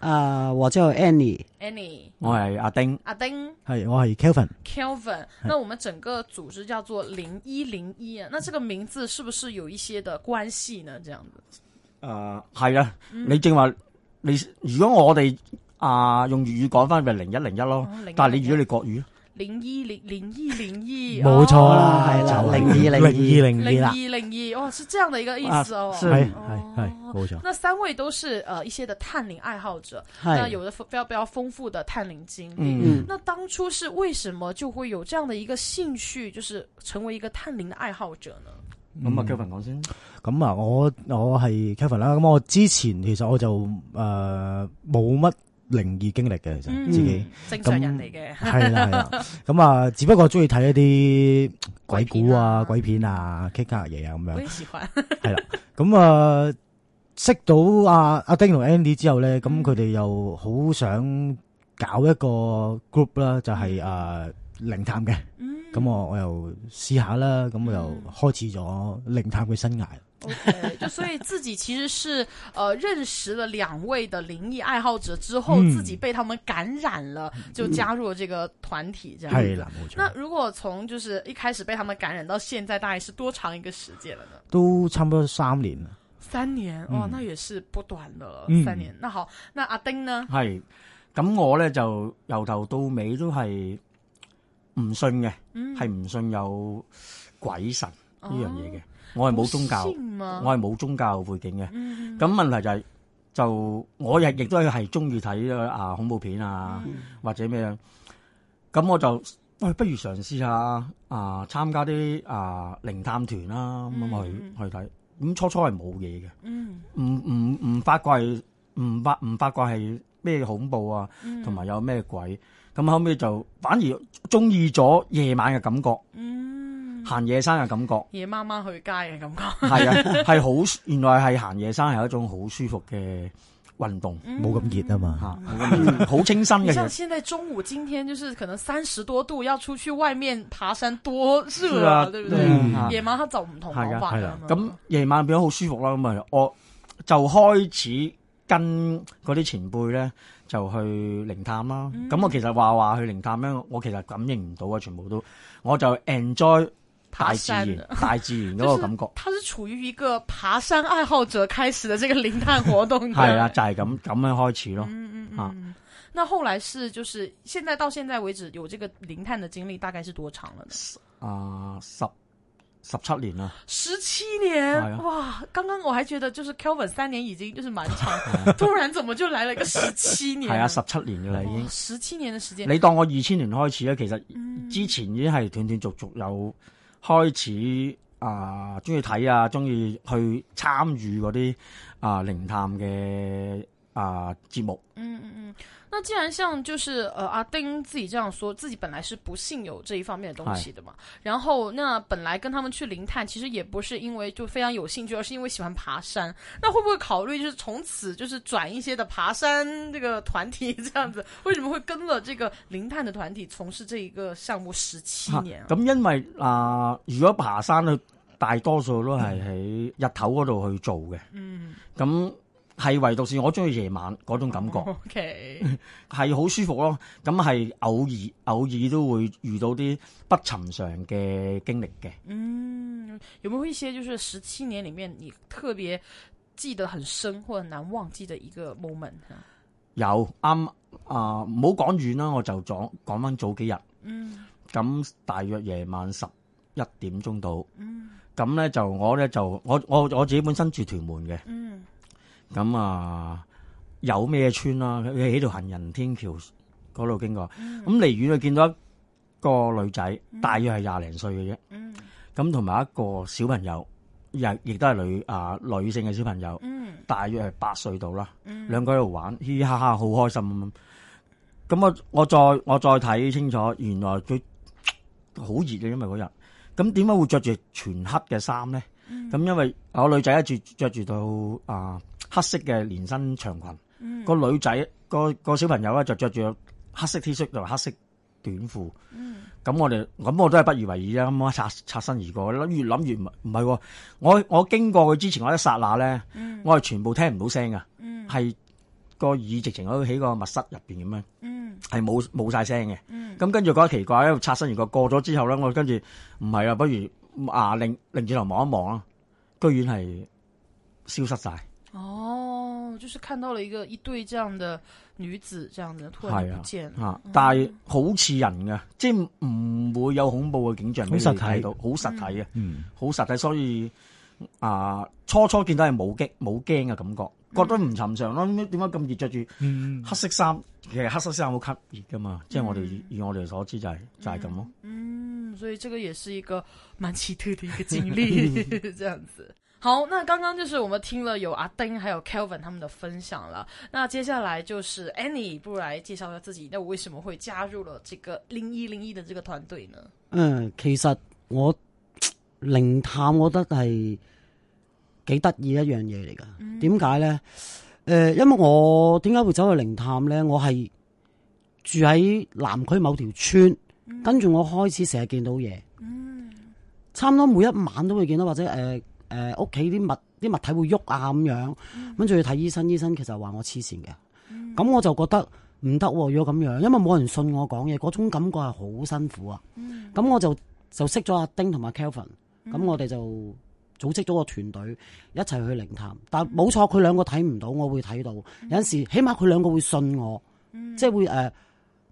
誒、uh,，我叫 Annie，Annie，Annie, 我係阿丁，阿丁係，我係 Kelvin，Kelvin。那我們整個組織叫做零一零一，啊。那這個名字是不是有一些的關係呢？這樣子，誒、uh,，係、嗯、啊，你正話，你如果我哋啊、呃、用粵語，語講翻，咪零一零一咯，但係你如果你國語。零一零零一零一，冇錯啦，係、哦、就是、零二零二零二零二,零二零二，哦是這樣的一個意思哦，啊、是係係冇錯。那三位都是誒、呃、一些的探靈愛好者，那有的非常非常豐富的探靈經歷、嗯。那當初是為什麼就會有這樣的一個興趣，就是成為一個探靈的愛好者呢？咁啊，Kevin 講先。咁、嗯、啊，我我係 Kevin 啦。咁我之前其實我就誒冇乜。呃靈異經歷嘅，其實自己、嗯、正常人嚟嘅，係啦，咁啊， 只不過中意睇一啲鬼故啊、鬼片啊、k 他嘢啊咁、啊啊、樣，係啦，咁啊，識到阿、啊、阿丁同 Andy 之後咧，咁佢哋又好想搞一個 group 啦、啊，就係誒靈探嘅，咁、嗯、我我又試下啦，咁我又開始咗靈探嘅生涯。 o、okay, K，就所以自己其實是，誒、呃，認識了兩位的靈異愛好者之後、嗯，自己被他們感染了，就加入了這個團體，這樣。係、嗯、冇錯。那如果從就是一開始被他們感染到現在，大概是多長一個時間了呢？都差唔多三年了三年，哦、嗯、那也是不短了、嗯。三年，那好，那阿丁呢？係，咁我呢，就由頭到尾都係唔信嘅，係、嗯、唔信有鬼神呢樣嘢嘅。啊我係冇宗教，我係冇宗教背景嘅。咁、嗯、問題就係、是，就我日日都係中意睇啊恐怖片啊，嗯、或者咩、哎？啊。咁我就哎不如嘗試下啊參加啲啊靈探團啦，咁、嗯、去去睇。咁、嗯、初初係冇嘢嘅，唔唔唔發覺係唔發唔發覺係咩恐怖啊，同、嗯、埋有咩鬼？咁後尾就反而中意咗夜晚嘅感覺。嗯行夜山嘅感覺，夜媽媽去街嘅感覺，係啊，係 好，原來係行夜山係一種好舒服嘅運動，冇、嗯、咁、啊、熱啊嘛，嚇、嗯，好 清新嘅。你像現在中午，今天就是可能三十多度，要出去外面爬山多熱了啊，對唔對？嗯嗯、夜媽、啊啊啊、夜晚黑就唔同講法啊嘛。咁夜晚變咗好舒服啦，咁、嗯、啊，我就開始跟嗰啲前輩咧就去靈探啦。咁、嗯、我其實話話去靈探咧，我其實感應唔到啊，全部都，我就 enjoy。大自然，大自然嗰個感覺，它、就是、是處於一個爬山愛好者開始的這個零碳活動，係 啊，就係咁咁樣，樣開始咯。嗯嗯嗯。啊，那後來是就是，現在到現在為止有這個零碳的經歷，大概是多長了呢？啊，十十七年啦，十七年，啊、哇！剛剛我還覺得就是 Kelvin 三年已經就是蠻長， 突然怎麼就來了一個十七年？係 啊，十七年噶啦已經，十七年的時間，你當我二千年開始咧，其實之前已經係斷斷續續有、嗯。開始啊，鍾意睇啊，鍾意去參與嗰啲啊靈探嘅。啊節目，嗯嗯嗯，那既然像就是，呃，阿丁自己這樣說，自己本來是不信有這一方面的東西的嘛，然後那本來跟他們去靈探，其實也不是因為就非常有興趣，而是因為喜歡爬山，那會不會考慮就是從此就是轉一些的爬山這個團體這樣子？為什麼會跟了這個靈探的團體從事這一個項目十七年，啊？咁，啊，因為啊，呃，如果爬山呢，大多數都係喺日頭嗰度去做嘅，嗯，咁。係唯獨是我中意夜晚嗰種感覺，係好舒服咯。咁係偶爾偶爾都會遇到啲不尋常嘅經歷嘅。嗯，有冇一些就是十七年裏面你特別記得很深或很難忘記的一個 moment？有啱啊，唔好講遠啦，我就講講翻早幾日。嗯，咁大約夜晚十一點鐘到。嗯，咁呢就我呢，就我我我自己本身住屯門嘅。嗯。咁、嗯嗯嗯、啊，有咩村啦、啊？佢喺度行人天橋嗰度經過，咁離遠就見到一個女仔，嗯，大約係廿零歲嘅啫。咁同埋一個小朋友，又亦都係女啊女性嘅小朋友，大約係八歲到啦。兩、嗯、個喺度玩，嘻嘻哈哈，好開心咁。咁我我再我再睇清楚，原來佢好熱嘅，因為嗰日咁點解會着住全黑嘅衫咧？咁、嗯、因為我女仔一着着住到啊～黑色嘅連身長裙，個、嗯、女仔個、個小朋友咧就着住黑色 T 恤同埋黑色短褲。咁、嗯、我哋咁我都係不以為意啊。咁我擦擦身而過，越諗越唔唔係。我我經過佢之前，我一剎那咧、嗯，我係全部聽唔到聲噶係、嗯、個耳直情喺個密室入邊咁樣，係冇冇晒聲嘅。咁、嗯、跟住覺得奇怪，一路擦身而過過咗之後咧，我跟住唔係啊，不如啊，擰擰轉頭望一望啦，居然係消失晒。哦，就是看到了一個一對這樣的女子，這樣的突然不見是、啊嗯，但係好似人嘅，即係唔會有恐怖嘅景象俾你睇到，好實體嘅，嗯，好實體，所以啊，初初見到係冇驚冇驚嘅感覺，嗯、覺得唔尋常咯，點解咁熱着住黑色衫？其、嗯、實黑色衫好吸熱噶嘛，即、嗯、係、就是、我哋以我哋所知就係、是、就係咁咯。嗯，所以這個也是一個蠻奇特的一個經歷， 這樣子。好，那剛剛就是我們聽了有阿丁還有 Kelvin 他們的分享了。那接下來就是 Annie，不如來介紹一下自己。那我為什麼會加入了這個零一零一的這個團隊呢？嗯，其實我靈探我覺得係幾得意一樣嘢嚟㗎。點解咧？誒、呃，因為我點解會走去靈探咧？我係住喺南區某條村，嗯、跟住我開始成日見到嘢，嗯，差唔多每一晚都會見到，或者誒、呃誒、呃，屋企啲物啲物體會喐，啊，咁、嗯、樣，跟住去睇醫生，醫生其實話我黐線嘅，咁、嗯、我就覺得唔得、啊，如果咁樣，因為冇人信我講嘢，嗰種感覺係好辛苦啊。咁、嗯、我就就識咗阿丁同埋 Kelvin，咁、嗯、我哋就組織咗個團隊一齊去靈探。但冇錯，佢、嗯、兩個睇唔到，我會睇到。嗯、有陣時，起碼佢兩個會信我，嗯、即係會誒、呃，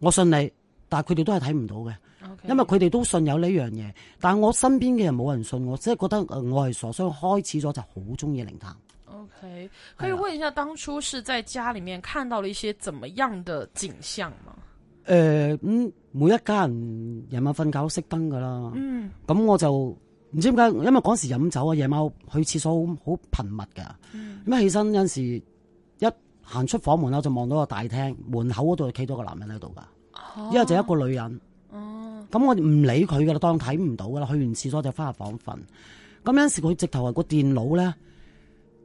我信你，但係佢哋都係睇唔到嘅。Okay, 因為佢哋都信有呢樣嘢，但係我身邊嘅人冇人信我，即係覺得我係傻，所以開始咗就好中意靈探。O、okay, K，可以問一下當初是在家裏面看到了一些怎麼樣的景象嗎？誒、呃嗯，每一家人夜晚瞓覺熄燈噶啦，嗯，咁我就唔知點解，因為嗰時飲酒啊，夜晚去廁所好頻密噶，咁、嗯、起身有陣時一行出房門口，就望到個大廳門口嗰度企咗個男人喺度噶，因、啊、為就一個女人。咁我哋唔理佢噶啦，當睇唔到噶啦。去完廁所就翻入房瞓。咁有陣時佢直頭啊個電腦咧，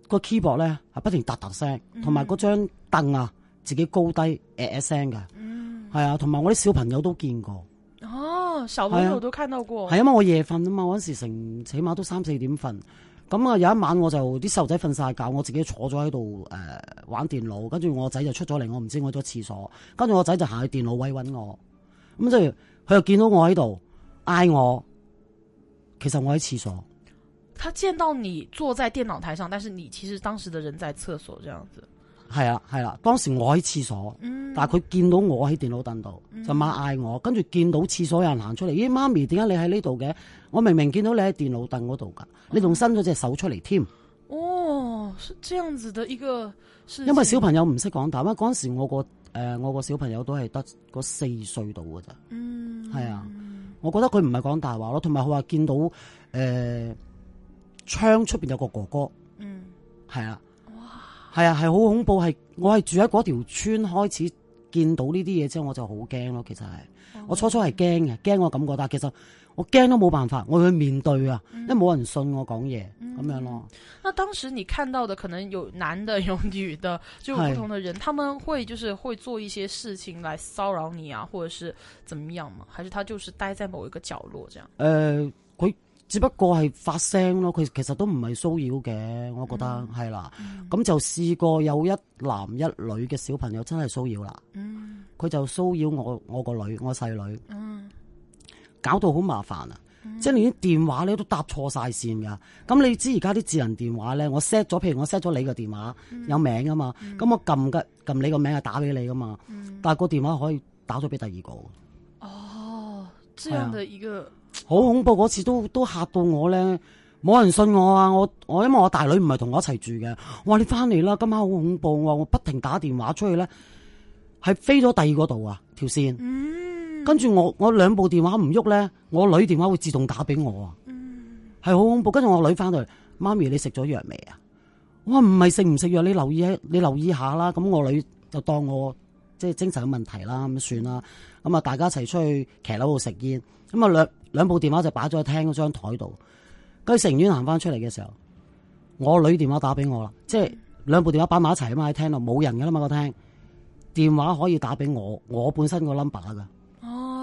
個 keyboard 咧係不停嗒嗒聲，同埋嗰張凳啊自己高低誒誒聲嘅，係、嗯、啊，同埋我啲小朋友都見過。哦，小朋友都看到過。係啊嘛、啊，我夜瞓啊嘛，我陣時成起碼都三四點瞓。咁啊有一晚我就啲細路仔瞓晒覺，我自己坐咗喺度誒玩電腦，跟住我仔就出咗嚟，我唔知我去咗廁所，跟住我仔就行去電腦位搵我，咁即係。佢又見到我喺度嗌我，其實我喺廁所。佢見到你坐在電腦台上，但是你其實當時嘅人在廁所這樣子。係啊係啦、啊，當時我喺廁所，嗯、但係佢見到我喺電腦凳度就猛嗌我，嗯、跟住見到廁所有人行出嚟，咦、欸、媽咪，點解你喺呢度嘅？我明明見到你喺電腦凳嗰度噶，你仲伸咗隻手出嚟添、嗯。哦，是這樣子的一個，因為小朋友唔識講大話。嗰陣時我個誒、呃、我個小朋友都係得個四歲度噶咋。嗯係啊，我覺得佢唔係講大話咯，同埋佢話見到誒、呃、窗出邊有個哥哥，係、嗯、啊，係啊，係好恐怖，係我係住喺嗰條村開始見到呢啲嘢之後，我就好驚咯，其實係，我初初係驚嘅，驚我感覺但其實。我驚都冇辦法，我要去面對啊、嗯，因為冇人信我講嘢咁樣咯。那當時你看到的可能有男的有女的，就有不同的人，他們會就是會做一些事情來騷擾你啊，或者是怎麼樣嘛？還是他就是待在某一個角落這樣？誒、呃，佢只不過係發聲咯，佢其實都唔係騷擾嘅，我覺得係、嗯、啦。咁、嗯、就試過有一男一女嘅小朋友真係騷擾啦。嗯，佢就騷擾我我個女我細女。嗯。搞到好麻煩啊、嗯！即係連啲電話咧都搭錯晒線㗎。咁你知而家啲智能電話咧，我 set 咗，譬如我 set 咗你個電話、嗯、有名啊嘛。咁、嗯、我撳嘅撳你個名係打俾你㗎嘛。嗯、但係個電話可以打咗俾第二個。哦，這樣的，一個好、啊、恐怖嗰次都都嚇到我咧，冇人信我啊！我我因為我大女唔係同我一齊住嘅，我話你翻嚟啦，今晚好恐怖，我我不停打電話出去咧，係飛咗第二個度啊條線。嗯。跟住我，我兩部電話唔喐咧，我女電話會自動打俾我啊，係、嗯、好恐怖。跟住我女翻到嚟，媽咪你食咗藥未啊？我唔係食唔食藥，你留意你留意一下啦。咁我女就當我即係精神嘅問題啦，咁算啦。咁啊，大家一齊出去騎樓度食煙。咁啊，兩部電話就擺咗喺廳嗰張台度。跟住成員行翻出嚟嘅時候，我女電話打俾我啦。即係兩部電話擺埋一齊啊嘛，喺廳度冇人㗎啦嘛，個廳電話可以打俾我，我本身個 number 噶。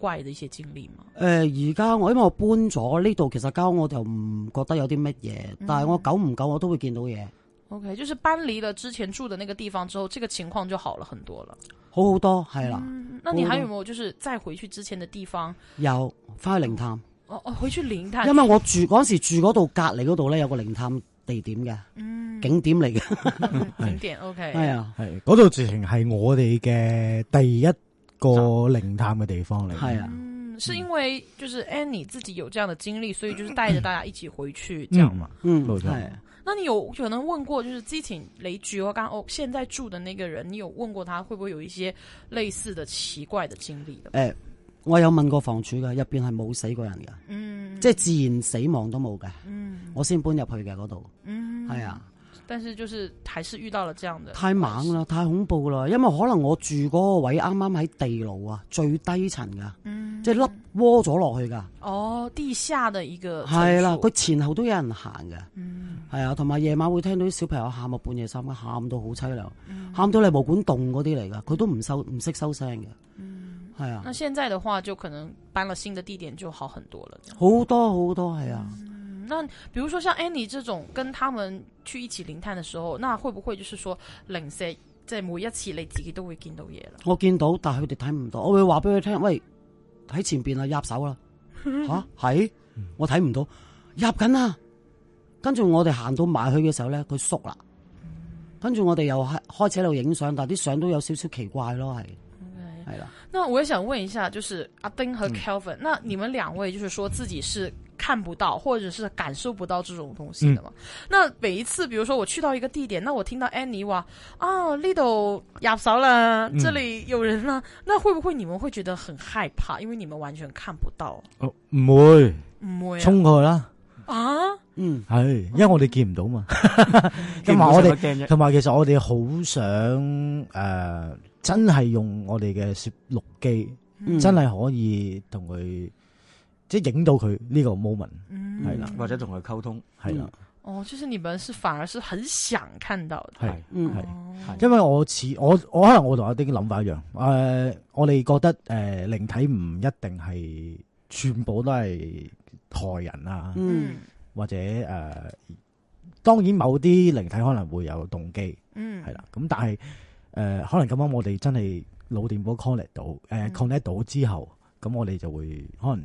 怪嘅一些經歷嘛？誒、呃，而家我因為我搬咗呢度，這裡其實交我就唔覺得有啲乜嘢，但係我久唔久我都會見到嘢。O、okay, K，就是搬離咗之前住嘅那個地方之後，這個情況就好了很多了，好好多係啦、嗯。那你還有冇就是再回去之前嘅地方？有翻去靈探，哦，哦，回去咗靈探，因為我住嗰時住嗰度隔籬嗰度咧有個靈探地點嘅、嗯，景點嚟嘅、嗯嗯、 景點。O K，係啊，係嗰度直情係我哋嘅第一。個靈探嘅地方嚟，係啊、嗯，是因為就是 Annie 自己有這樣的經歷，所以就是帶着大家一起回去，這樣嘛、嗯，嗯，係。那你有可能問過，就是之前雷現在住的那個人，你有問過他，會不會有一些類似的奇怪的經歷？誒、欸，我有問過房主嘅，入邊係冇死過人嘅，嗯，即係自然死亡都冇嘅，嗯我，我先搬入去嘅嗰度，嗯，係啊。但是就是，還是遇到了這樣的。太猛啦，太恐怖啦！因為可能我住嗰個位，啱啱喺地牢啊，最低層噶、嗯，即係凹窩咗落去噶。哦，地下的一個。係啦，佢前後都有人行嘅。嗯。係啊，同埋夜晚會聽到啲小朋友喊啊，半夜三更喊到好淒涼，喊到、嗯、你毛管洞嗰啲嚟噶，佢都唔收，唔識收聲嘅。係、嗯、啊。那現在的話，就可能搬了新的地點就好很多了。好多好多，係啊。是那，比如說像 Annie 這種跟他們去一起靈探嘅時候，那會唔會就是說，零舍，即係每一次你自己都會見到嘢啦？我見到，但佢哋睇唔到。我會話俾佢聽，喂，喺前邊啦，入手啦，吓、啊，係，我睇唔到，入緊啦。跟住我哋行到埋去嘅時候咧，佢縮啦。跟住我哋又開始喺度影相，但啲相都有少少奇怪咯，係，係、okay. 啦。那我也想問一下，就是阿丁和 Kelvin、嗯、那你們兩位就是說自己是。看不到，或者是感受不到這種東西的嘛？嗯、那每一次，比如說我去到一個地點，那我聽到安妮話：，啊，呢度入手啦，這裡，嗯、這裡有人啦、啊。那會不會你們會覺得很害怕？因為你們完全看不到。唔、哦、會，唔會、啊，衝過去啦。啊，嗯，係，因為我哋見唔到嘛。同、嗯、埋 我哋，同 埋其實我哋好想誒、呃，真係用我哋嘅攝錄機，嗯、真係可以同佢。即係影到佢呢個 moment，係、嗯、啦，或者同佢溝通，係啦、嗯。哦，即、就是你們是反而是很想看到係，嗯係、嗯，因為我似我我可能我同阿丁嘅諗法一樣，誒、呃，我哋覺得誒靈、呃、體唔一定係全部都係害人啊，嗯，或者誒、呃，當然某啲靈體可能會有動機，嗯，係啦，咁、嗯嗯、但係誒、呃、可能咁啱我哋真係腦電波 connect 到，誒、呃、connect 到之後，咁、嗯、我哋就會可能。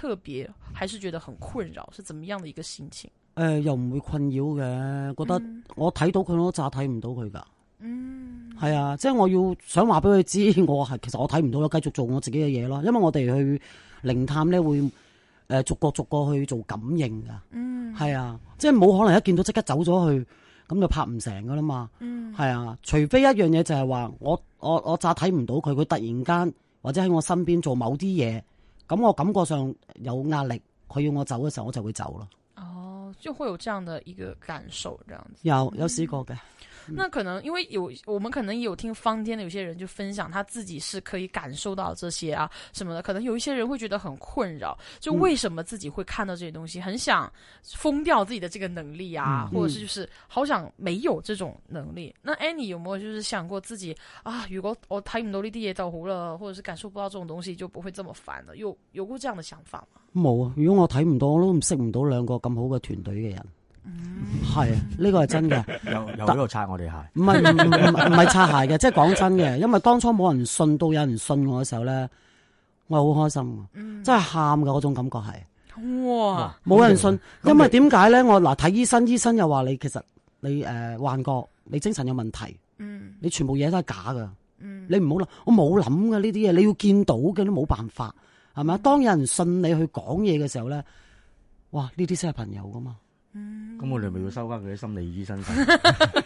特別還是覺得很困擾，是怎麼樣的一個心情？誒、呃，又唔會困擾嘅，覺得我睇到佢，我都咋睇唔到佢噶。嗯，係、嗯、啊，即係我要想話俾佢知，我係其實我睇唔到咯，繼續做我自己嘅嘢咯。因為我哋去靈探咧，會、呃、誒逐個逐個去做感應噶。嗯，係啊，即係冇可能一見到即刻走咗去，咁就拍唔成噶啦嘛。嗯，係啊，除非一樣嘢就係話我我我咋睇唔到佢，佢突然間，或者喺我身邊做某啲嘢。咁我感覺上有壓力，佢要我走嘅時候，我就會走咯。哦，就會有這樣的一個感受，這樣子。有有試過嘅。那可能因為有我們可能有聽坊間的有些人就分享他自己是可以感受到這些啊什麼的，可能有一些人會覺得很困擾，就為什麼自己會看到這些東西，嗯、很想封掉自己的這個能力啊，嗯、或者是就是好想沒有這種能力。嗯、那 Annie 有沒有就是想過自己啊，如果我睇唔到呢啲嘢就好了，或者是感受不到這種東西，就不會這麼煩了？有有過這樣的想法嗎？冇啊，如果我睇唔到，我都唔識唔到兩個咁好嘅團隊嘅人。係， 呢、這個係真嘅。又又喺度擦我哋鞋，唔係唔係擦鞋嘅，即係講真嘅。因為當初冇人信到有人信我嘅時候咧，我係好開心，嗯、真係喊噶嗰種感覺係。哇！冇人信、嗯，因為點解咧？我嗱睇醫生，醫生又話你其實你誒幻覺，你精神有問題。嗯，你全部嘢都係假噶。嗯，你唔好諗，我冇諗噶呢啲嘢，你要見到嘅都冇辦法，係咪啊？當有人信你去講嘢嘅時候咧，哇！呢啲先係朋友噶嘛。咁、嗯、我哋咪要收翻佢啲心理醫生先，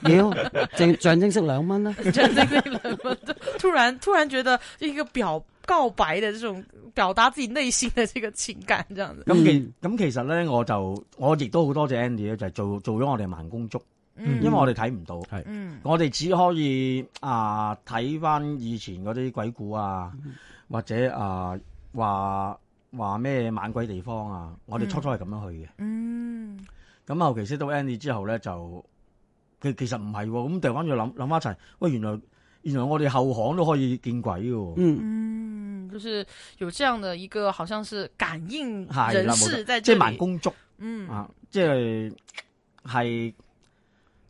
屌， 象象徵式兩蚊啦，象徵式兩蚊，突然突然覺得一個表告白的這種表達自己內心的這個情感，這樣子。咁其咁其實咧，我就我亦都好多謝 Andy 咧，就係做做咗我哋盲公竹、嗯，因為我哋睇唔到，係、嗯，我哋只可以啊睇翻以前嗰啲鬼故啊，嗯、或者啊話話咩猛鬼地方啊，我哋初初係咁樣去嘅。嗯嗯咁後期識到 Andy 之後咧，就佢其實唔係喎，咁掉翻轉諗諗翻一齊，喂，原來原來我哋後巷都可以見鬼嘅、哦。嗯，就是有這樣的一個，好像是感應人士在這裡即係蠻工足。嗯啊，即係係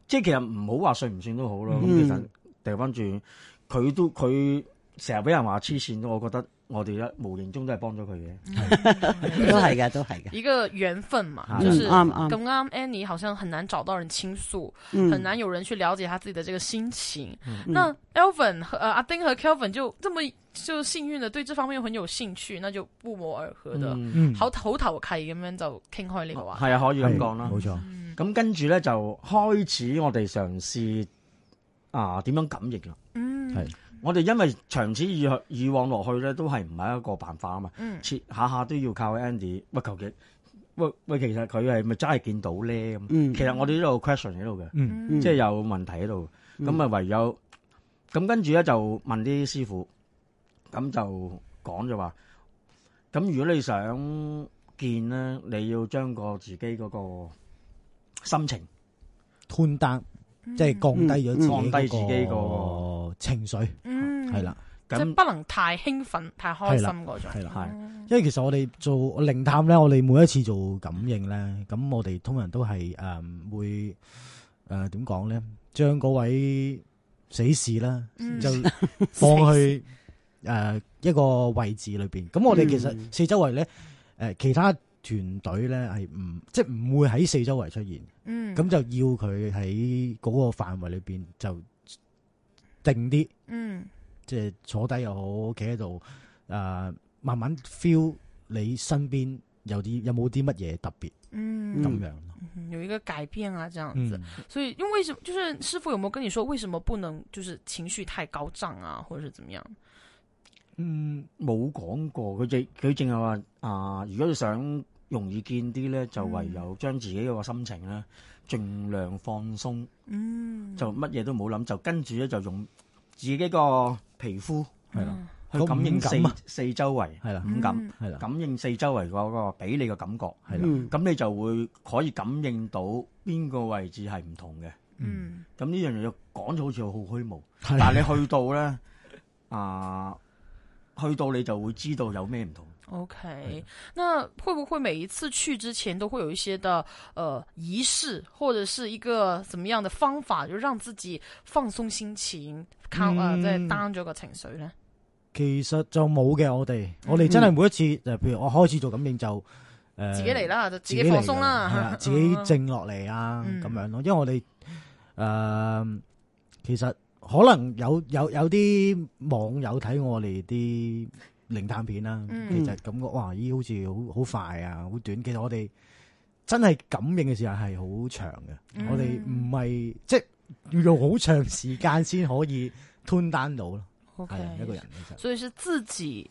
即係其實唔好話信唔信都好咯。咁、嗯、其實掉翻轉佢都佢成日俾人話黐線咯，我覺得。我哋一無形中都係幫咗佢嘅，都係嘅，都係嘅，一個緣分嘛，就係咁啱。就是、好 Annie 好像很難找到人傾訴、嗯，很難有人去了解他自己嘅這個心情。嗯、那 Alvin 和阿、啊、丁和 Kelvin 就這麼就幸運地對這方面很有興趣，那就不謀而合嘅好好投契咁樣就傾開呢個話，係啊，啊，可以咁講啦，冇錯。咁、嗯、跟住咧就開始我哋嘗試啊點樣感應啦，嗯，係。我哋因為長此以往以往落去咧，都係唔係一個辦法啊嘛？下、嗯、下都要靠 Andy。喂，求其喂喂，其實佢係咪真係見到咧？咁、嗯、其實我哋都有 question 喺度嘅，即係有問題喺度。咁、嗯、啊，唯有咁跟住咧就問啲師傅，咁就講就話，咁如果你想見咧，你要將個自己嗰個心情寬淡，即係、就是、降低咗、嗯嗯嗯嗯、降低自己個情緒。係啦，即係不能太興奮、太開心嗰種。係啦，係，因為其實我哋做靈探咧，我哋每一次做感應咧，咁我哋通常都係誒會誒點講咧，將嗰位死士啦，就放去誒一個位置裏邊。咁我哋其實四周圍咧誒其他團隊咧係唔即係唔會喺四周圍出現。嗯，咁就要佢喺嗰個範圍裏邊就定啲。嗯。即係坐低又好，企喺度，誒、呃，慢慢 feel 你身邊有啲有冇啲乜嘢特別咁、嗯、樣、嗯？有一個改變啊，這樣子。嗯、所以因為，為什麼，就是師傅有冇跟你說為什麼不能，就是情緒太高漲啊，或者是怎麼樣？嗯，冇講過，佢只佢淨係話，啊、呃，如果你想容易見啲咧，就唯有將自己個心情咧盡量放鬆，嗯，就乜嘢都冇諗，就跟住咧就用自己個。皮膚係啦，去感應四四周圍係啦，五感係啦，感應四周圍個俾你嘅感覺係啦，咁、嗯、你就會可以感應到邊個位置係唔同嘅。嗯，咁呢樣嘢講咗好似好虛無，係，但係你去到咧啊、呃，去到你就會知道有咩唔同的。O、okay, K，那會不會每一次去之前都會有一些的，呃，儀式或者是一個怎麼樣的方法，就讓自己放鬆心情，靠、嗯、啊，即、呃、係 down 咗個情緒呢？其實就冇嘅，我哋、嗯，我哋真係每一次，譬、嗯、如我開始做感應就，誒、呃，自己嚟啦，就自己放鬆啦，自己靜落嚟啊，咁、嗯啊啊嗯、樣咯。因為我哋，誒、呃，其實可能有有有啲網友睇我哋啲。零碳片啦、啊，其實感覺哇，依好似好好快啊，好短。其實我哋真係感應嘅時候係好長嘅，嗯、我哋唔係即係用好長時間先可以吞 u 到咯，係一個人其實。所以是自己。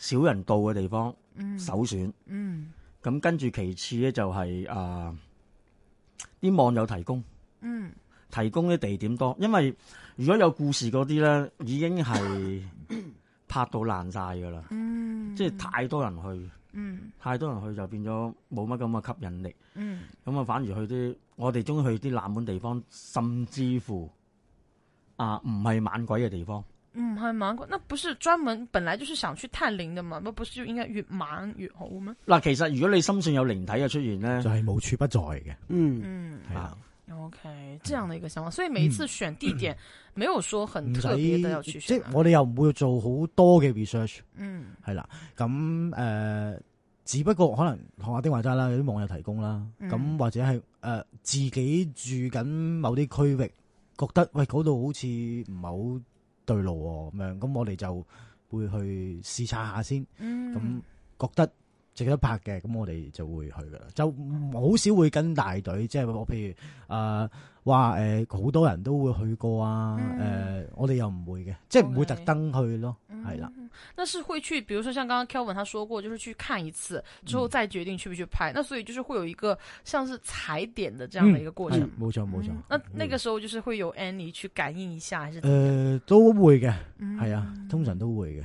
少人到嘅地方，首選，嗯，咁、嗯、跟住其次咧就係啊啲網友提供，嗯，提供啲地點多。因為如果有故事啲咧，已經係拍到爛晒噶啦。即係太多人去，嗯，太多人去就變咗冇乜咁嘅吸引力。嗯，咁啊，反而去啲我哋中意去啲冷門地方，甚至乎啊唔係猛鬼嘅地方。唔係猛過，那不是專門本來就是想去探靈的嘛？那不是就應該越猛越好咩？嗱，其實如果你深信有靈體嘅出現咧，就係、是、無處不在嘅。嗯嗯，係啊。O、okay, K，這樣的一個想法，所以每一次選地點、嗯、沒有說很特別的要去選、啊，即係我哋又唔會做好多嘅 research。嗯，係啦。咁誒、呃，只不過可能學阿丁話齋啦，有啲網友提供啦，咁、嗯、或者係誒、呃、自己住緊某啲區域，覺得喂嗰度好似唔係好。對路喎、哦，咁樣，咁我哋就會去視察下先，咁、嗯、覺得。值得拍嘅，咁我哋就會去噶啦，就好少會跟大隊，即係我譬如誒話誒好多人都會去過啊，誒、嗯呃、我哋又唔會嘅，okay, 即係唔會特登去咯，係、嗯、啦。但是會去，比如說像剛剛 Kelvin 他說過，就是去看一次之後再決定去不去拍、嗯，那所以就是會有一個像是踩點的這樣的一個過程。冇、嗯、錯冇錯、嗯。那那個時候就是會有 Annie 去感應一下，還是？誒、呃、都會嘅，係、嗯、啊，通常都會嘅。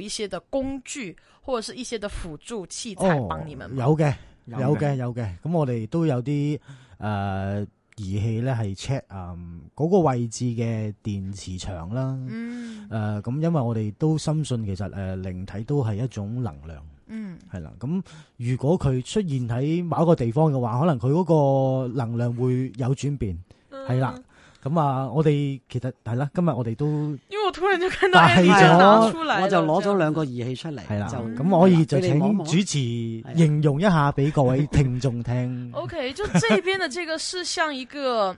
一些的工具或者是一些的輔助器材幫你們？、哦、有嘅有嘅有嘅，咁、嗯、我哋都有啲誒儀器咧係 check 啊嗰個位置嘅電磁場啦，誒、嗯、咁、呃、因為我哋都深信其實誒靈、呃、體都係一種能量，嗯係啦，咁如果佢出現喺某一個地方嘅話，可能佢嗰個能量會有轉變係、嗯、啦。咁啊，我哋其實係啦，今日我哋都，因為我突然就見到 a, -A 拿來我就攞出就咗兩個儀器出嚟，係啦，咁、嗯、可以就請主持形容一下俾各位聽眾聽。摸摸聽聽 OK，就這邊的這個是像一個。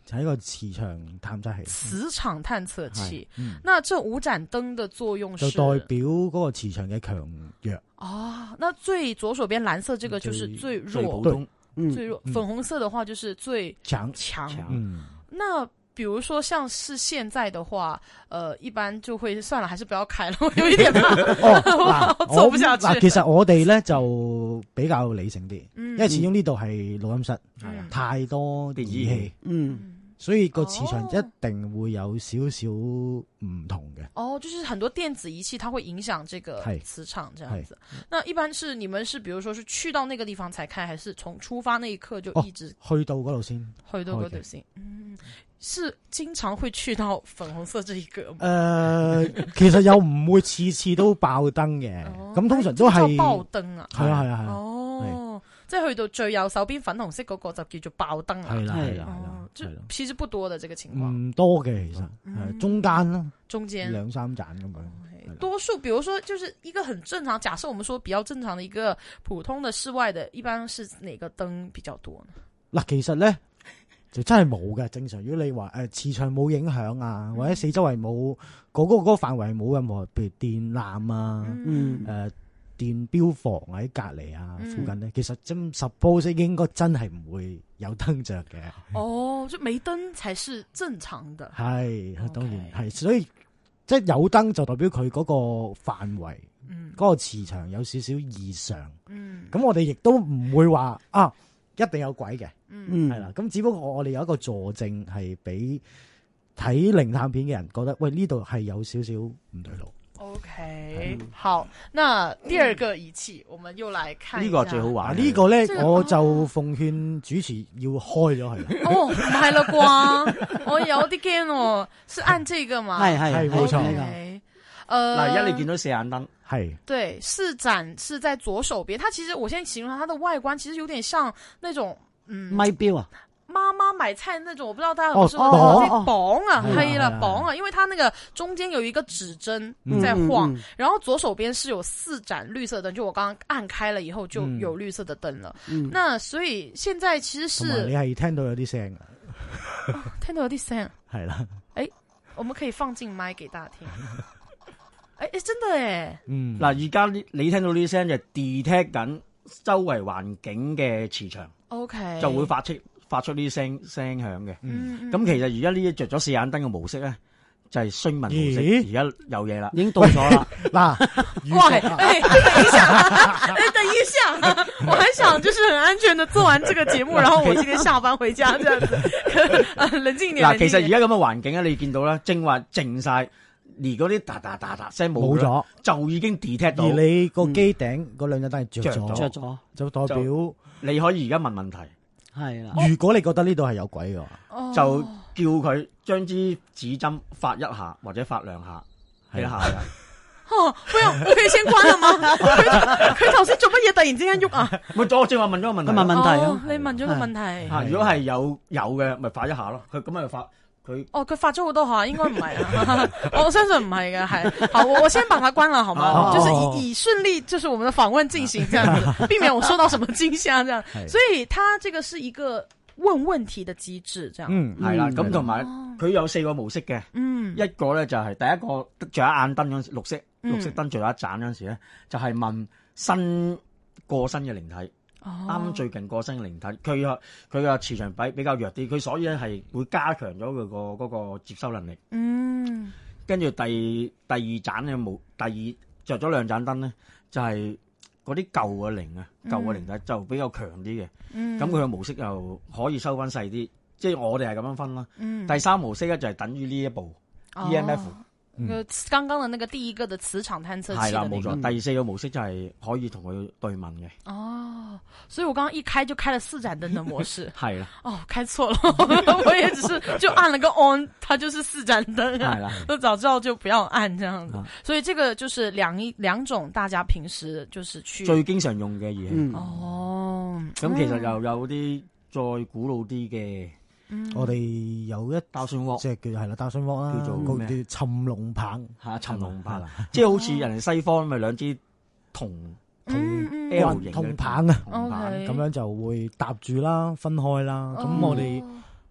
係一個磁場探測器。磁場探測器。嗯，那這五盞燈的作用是就代表嗰個磁場嘅強弱。哦，那最左手邊藍色這個就是最弱，最，最，最弱。嗯。粉紅色的話就是最強，強。嗯。嗯，那比如說像是現在的話，呃一般就會算了，還是不要開了，我 有一點怕。哦， 我走不下去。其實我哋呢就比較理性啲，嗯，因為始終呢度係錄音室，係、嗯、啊，太多啲儀器，嗯。嗯所以個磁場、哦、一定會有少少唔同嘅。哦，就是很多電子儀器，它會影響這個磁場這樣子。那一般是你們是，比如說是去到那個地方才開，還是從出發那一刻就一直、哦、去到嗰度先？去到嗰度先，嗯，是經常會去到粉紅色這一個嗎？誒、呃，其實又唔會次次都爆燈嘅，咁、哦嗯、通常都係爆燈啊，係啊係啊係。即係去到最右手邊粉紅色嗰個就叫做爆燈啦，係啦係啦，即係其實不多嘅即係個情況。唔多嘅其實係中間咯，中間，中間兩三盞咁樣、哦。多數，比如說，就是一個很正常，假設我們說比較正常的一個普通的室外的，一般是哪個燈比較多？嗱，其實咧就真係冇嘅正常。如果你話誒、呃、磁場冇影響啊，或者四周圍冇嗰個嗰個範圍冇任何，譬如電纜啊，誒、嗯。呃電標房喺隔籬啊，附近咧、嗯，其實真 suppose 應該真係唔會有燈着嘅。哦，就冇燈才是正常的。係， 當然係、okay.，所以即係有燈就代表佢嗰個範圍，嗯，嗰個磁場有少少異常。嗯，咁我哋亦都唔會話啊，一定有鬼嘅。嗯，係啦，咁只不過我哋有一個佐證，係俾睇靈探片嘅人覺得，喂，呢度係有少少唔對路。O、okay, K，好，那第二個儀器、嗯，我們又來看。呢、這個最好玩，嗯這個，呢個咧我就奉勸主持要開咗佢。哦，唔係啦啩，我、 哦、有啲驚、哦，是按這個嘛？係係冇錯。誒，嗱、okay，一、呃、你見到四眼燈，係對，四盞是展在左手邊。它其實我先形容下，它的外觀其實有點像那種嗯，咪錶啊。媽媽買菜那種，我不知道大家有試過沒有？薄、哦、啊，黑了，薄、哦、啊、哦哦哦，因為它那個中間有一個指針在晃、嗯，然後左手邊是有四盞綠色燈、嗯，就我剛剛按開了以後就有綠色的燈了、嗯。那所以現在其實是你係聽到有啲聲啊、哦，聽到有啲聲，係啦，誒，我們可以放進麥給大家聽。誒 誒、欸，真的誒，嗯，嗱，而家你你聽到呢啲聲就 detect 緊周圍環境嘅磁場，OK，就會發出。發出呢啲聲聲響嘅，咁、嗯嗯、其實而家呢啲着咗四眼燈嘅模式咧，就係詢問模式。而家有嘢啦，已經到咗啦。嗱，喂，等一下、啊，等一下，我很想就是很安全地做完這個節目，然後我今天下班回家這樣子。你知嗱，其實而家咁嘅環境啊 你見到啦，正話靜晒，而嗰啲嗒嗒嗒嗒聲冇咗，就已經 detect 到。而你個機頂嗰兩盞燈係着咗，着咗就代表你可以而家問問題。係啦如果你覺得呢度係有鬼嘅，oh, 就叫佢將支指針發一下或者發兩下，係、啊、一下啊，吓 唔用，佢先關啊嘛，佢頭先做乜嘢？突然之間喐啊，唔、啊、係，我正話問咗個問題，問問題、啊哦哦啊，你問咗個問題，啊啊啊啊啊啊、如果係有有嘅，咪發一下咯，佢咁咪發。佢哦，佢發咗好多下，應該唔係啊，我相信唔係嘅係，好，我我先把它關啦，好嗎？ 就是以以順利，就是我們的訪問進行，這樣子， 避免我受到什麼驚嚇，這樣子。 所以，他這個是一個問問題的機制，這樣。嗯，係啦，咁同埋佢有四個模式嘅，嗯，一個咧就係第一個，仲有一盞燈嗰陣時，綠色，綠色燈最後一盞嗰陣時咧、嗯，就係、是、問新過身嘅靈體啱、哦、啱最近過身嘅靈體，佢啊，佢個磁場比比較弱啲，佢所以咧係會加強咗佢、嗰個接收能力。嗯，跟住第第二盞嘅模，第二着咗兩盞燈咧，就係嗰啲舊嘅靈啊，舊嘅靈體就比較強啲嘅。咁佢嘅模式又可以收翻細啲，即、就、係、是、我哋係咁樣分啦、嗯。第三模式咧就係等於呢一部 E M F。哦 EMF 呃，剛剛的那個第一個的磁場探測器係啦、那個，冇錯。第四個模式就是可以同佢對問的。哦，所以我剛剛一開就開了四盞燈的模式。是啦。哦，開錯了， 我也只是就按了個 on，它就是四盞燈。係啦。我早知道就不要按這樣子。啊，所以這個就是兩兩種，大家平時就是去最經常用嘅嘢，嗯。哦。咁其實又有啲再古老啲嘅。嗯、我哋有一打算喎，即係叫係啦，打算喎啦，叫做叫尋龍棒吓，尋龍棒，即係好似人哋西方咪兩支銅銅 L 型嘅銅棒啊，咁、 啊嗯、樣就會搭住啦，分開啦。咁、嗯、我哋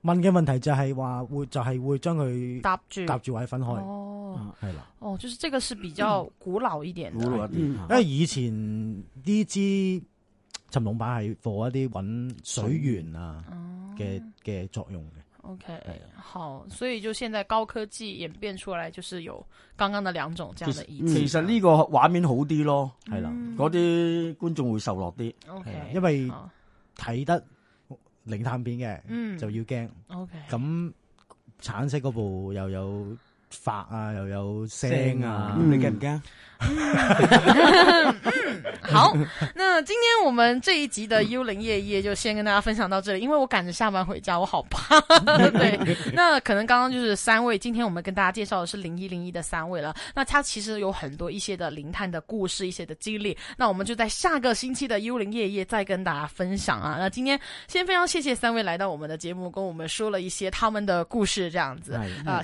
問嘅問題就係話會就係會將佢搭住搭住位分開。哦，係啦，哦，就是這個是比較古老一點、嗯古老一點，因為以前呢支尋龍棒係放一啲搵水源啊。嗯嗯嘅嘅作用嘅，OK，好，所以就現在高科技演變出來，就是有剛剛的兩種這樣的意思。其實呢個畫面好啲咯，係、嗯、啦，嗰啲觀眾會受落啲、okay，因為睇得零探片嘅，嗯，就要驚，OK，咁橙色嗰部又有。發啊，又有聲啊，嗯、你驚唔驚、？ 嗯、好，那今天我們這一集的幽靈夜夜就先跟大家分享到這裏，因為我趕着下班回家，我好怕。 對，那可能剛剛就是三位，今天我們跟大家介紹的是零一零一的三位了。那他其實有很多一些的靈探的故事，一些的經歷。那我們就在下個星期的幽靈夜夜再跟大家分享啊。那今天先非常謝謝三位來到我們的節目，跟我們說了一些他們的故事，這樣子啊，謝、哎、謝。呃